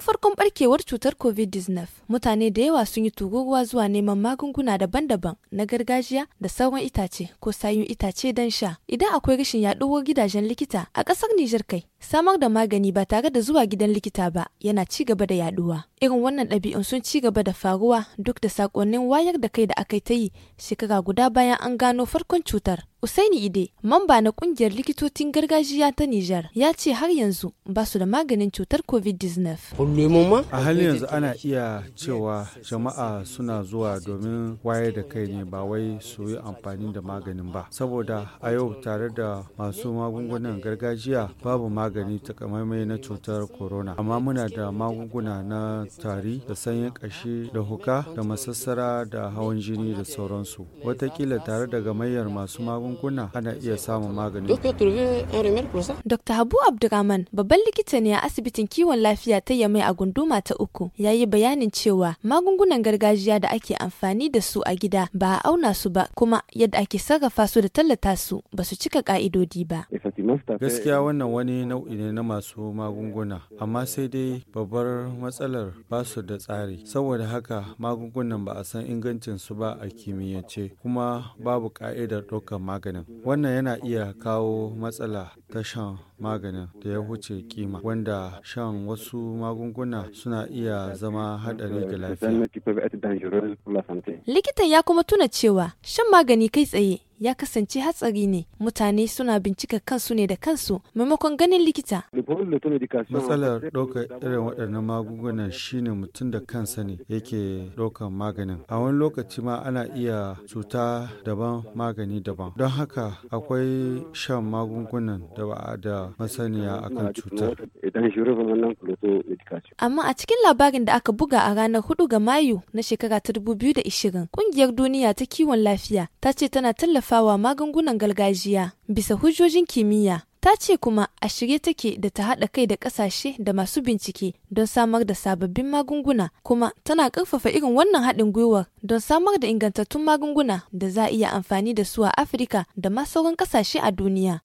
Tun farkon barkewar cutar COVID-19, mutane da yawa sun yi tuguguwa zuwa neman magunguna daban-daban na gargajiya da sauran itace ko sayun itace don sha. Idan akwai rashin yaɗuwar gidajen likita a ƙasar Nijar kai, samar da magani ba tare da zuwa gidan likita ba yana ci gaba da yaduwa Irin wannan ɗabi'un sun ci gaba da faruwa duk da saƙonnin wayar da kai da aka yi ta yi shekara guda bayan an gano farkon cutar. Usaini Ide, mamba na kungiyar likitocin gargajiya ta Nijar, ya ce har yanzu ba su da maganin cutar COVID-19. A halin yanzu ana iya cewa jama'a suna zuwa domin wayar da kai ne ba wai su yi amfani da maganin ba. Saboda a yau tare da masu magungunan gargajiya babu magani takamaimai na cutar corona. Amma muna da magunguna na tari da sanyin ƙashi da huka da masassara da hawan jini da sauransu. Watakila tare da gamayyar masu magunguna magunguna ana iya samun magani. Dr. Habu Abdurrahman babban likita ne a asibitin kiwon lafiya ta Yamai a gunduma ta uku ya yi bayanin cewa magungunan gargajiya da ake amfani da su a gida ba a auna su ba kuma yadda ake sarrafa su da tallata su ba su cika ka'idodi ba. Gaskiya wannan wani nau'i ne na masu magunguna amma sai dai babbar matsalar ba su da tsari saboda haka magungunan ba a san ingancin su ba a kimiyyance kuma babu ka'idar ɗaukar magani. maganin wannan yana iya kawo matsala ta shan maganin da ya wuce kima wanda shan wasu magunguna suna iya zama haɗari ga lafiya likita ya kuma tuna cewa shan magani kai tsaye ya kasance hatsari ne mutane suna bincika kansu ne da kansu maimakon ganin likita matsalar ɗaukar irin waɗannan magungunan shine mutum da kansa ne yake ɗaukar maganin a wani lokaci ma ana iya cuta daban magani daban don haka akwai shan magungunan da ba a da masaniya akan cutar amma a cikin labarin da aka buga a ranar hudu ga mayu na shekara ta 2020 ƙungiyar duniya ta kiwon lafiya ta ce tana tallafa tallafawa magungunan gargajiya bisa hujjojin kimiyya ta ce kuma a shirye take da ta haɗa kai da ƙasashe da masu bincike don samar da sababbin magunguna kuma tana ƙarfafa irin wannan haɗin gwiwar don samar da ingantattun magunguna da za a iya amfani da su a afirka da ma sauran ƙasashe a duniya.